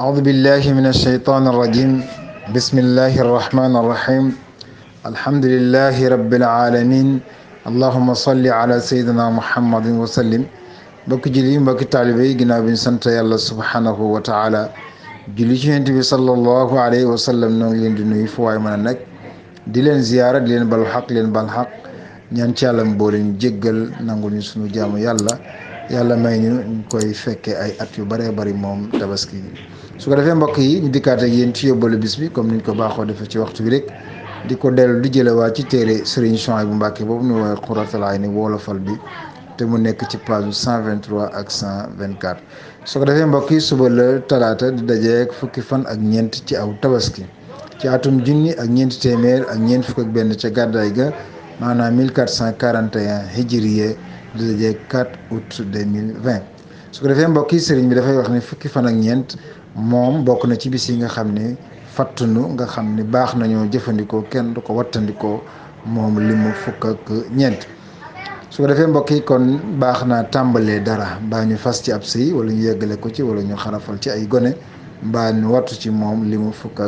أعوذ بالله من الشيطان الرجيم بسم الله الرحمن الرحيم الحمد لله رب العالمين اللهم صل على سيدنا محمد وسلم بك جليم بك تعلبي جناب إنسان الله سبحانه وتعالى جليش بي صلى الله عليه وسلم نون لين دنوي فواي من النك دلين زيارة دلين بالحق دلين بالحق نيان تعلم بولين جيجل نانغولين سنو جامو يالله yàlla may ñu ñu koy fekkee ay at yu bëree bari moom tabaski su ko defee mbokk yi ñu dikkaat ak ci yóbbalu bis bi comme ñu ko baaxoo defee ci waxtu bi rek di ko dellu di jëlewaat ci téere Serigne bu Mbacké boobu ñu woowee Xuratul Ayni wolofal bi te mu nekk ci page 123 ak 124 su ko defee mbokk yi suba la talaata di dajeek fukki fan ak ñeent ci aw tabaski ci atum junni ak ñeent téeméer ak ñeent fukk ak benn ca gàddaay ga maanaam 1441 hijriye du dajee 4 août 2020 su ko defee mbokk yi sëriñ bi dafay wax ni fukki fan ak ñeent moom bokk na ci bis yi nga xam ne fàttunu nga xam ni baax nañoo jëfandikoo kenn du ko wattandikoo moom li mu fukk ak ñeent su ko defee mbokk yi kon baax naa tàmbalee dara mbaa ñu fas ci ab sëy wala ñu yeggale ko ci wala ñu xarafal ci ay gone mbaa ñu wattu ci moom li mu fukk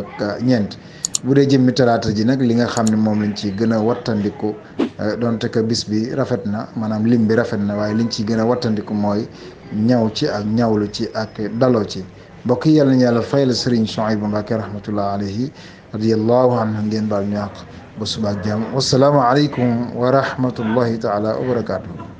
ñeent bu dee jëmmi talaata ji nag li nga xam ne moom lañ ci gën a wattandiku eh, donte que bis bi rafet na maanaam lim bi rafet na waaye liñ ci gën a wattandiku mooy ñaw ci ak ñawlu ci ak daloo ci mbokk yi yàlla nañu yàlla fayal sëriñ Souhaïbou Mbacké rahmatullah alayhi radiyallahu anhu ngeen baal ñu àq ba subaak jàmm wasalaamu aleykum wa rahmatullahi taala wa barakaatu